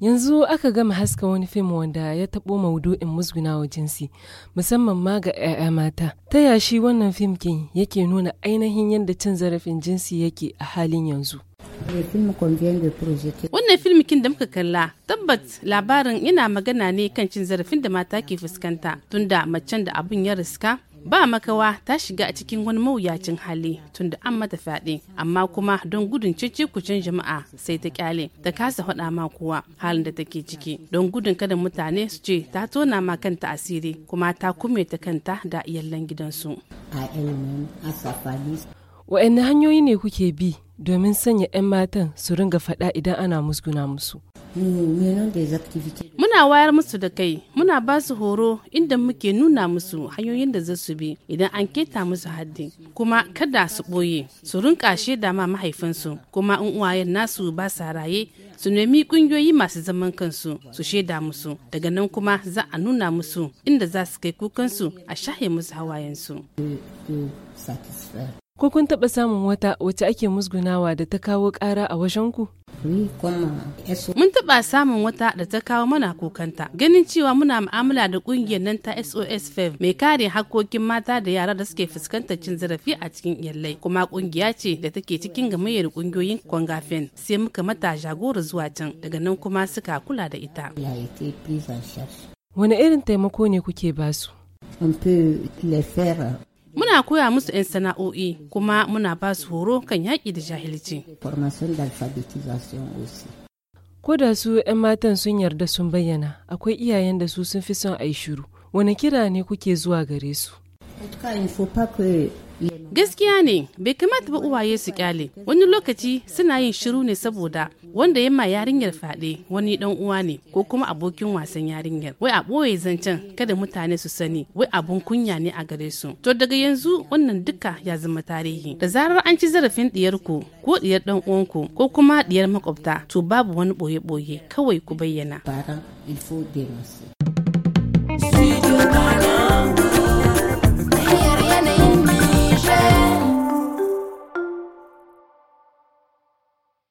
Yanzu aka gama haska wani fim wanda ya taɓo maudu'in musgunawa jinsi, musamman ma ga 'ya'ya mata. Ta yashi wannan fim kin yake nuna ainihin yadda cin zarafin jinsi yake a halin yanzu. Wannan kin da muka kalla tabbat labarin yana magana ne kan cin zarafin da mata ke fuskanta tunda macen da abun ya riska ba makawa ta shiga a cikin wani mawuyacin hali tunda an mata fyaɗe amma kuma don gudun kucin jama'a sai ta kyale ta kasa faɗa ma kowa halin da take ciki don gudun kada mutane su ce ta tona ma kanta asiri kuma ta kume ta kanta da iyalan gidansu wa'anne hanyoyi ne kuke bi domin sanya 'yan matan su ringa faɗa idan ana musguna musu mm, muna wayar musu da kai muna ba su horo inda muke nuna musu hanyoyin da za su bi idan an keta musu haddi kuma kada su ɓoye su rinka shaida ma mahaifinsu kuma in uwayen nasu ba sa raye su nemi kungiyoyi masu zaman kansu su shaida musu daga nan kuma za a nuna musu inda za su kai kukansu a shahe musu hawayensu Ko kun taɓa samun wata wacce ake musgunawa da ta kawo ƙara a washenku? Mun taɓa samun wata da ta kawo mana kokanta. Ganin cewa muna mu'amala da ƙungiyar nan ta SOS FEV mai kare hakkokin mata da yara da suke fuskantar cin zarafi a cikin iyalai. Kuma ƙungiya ce da take cikin gamayyar ƙungiyoyin Kwangafen. Sai muka mata jagora zuwa can daga nan kuma suka kula da ita. Wani irin taimako ne kuke basu? Muna koya musu 'yan sana'o'i kuma muna ba su horo kan yaƙi da jahilci. Ko da su 'yan matan sun yarda sun bayyana, akwai iyayen da su sun fi son a yi shiru. Wani kira ne kuke zuwa gare su? Gaskiya ne bai kamata ba uwaye su kyale wani lokaci suna yin shiru ne saboda wanda yamma yarinyar fade wani dan uwa ne ko kuma abokin wasan yarinyar wai a boye zancen kada mutane su sani wai abun kunya ne a gare su to daga yanzu wannan duka ya zama tarihi da zarar an ci zarafin ku ko diyar dan uwanku ko kuma diyar makwabta to babu wani boye-boye kawai ku bayyana.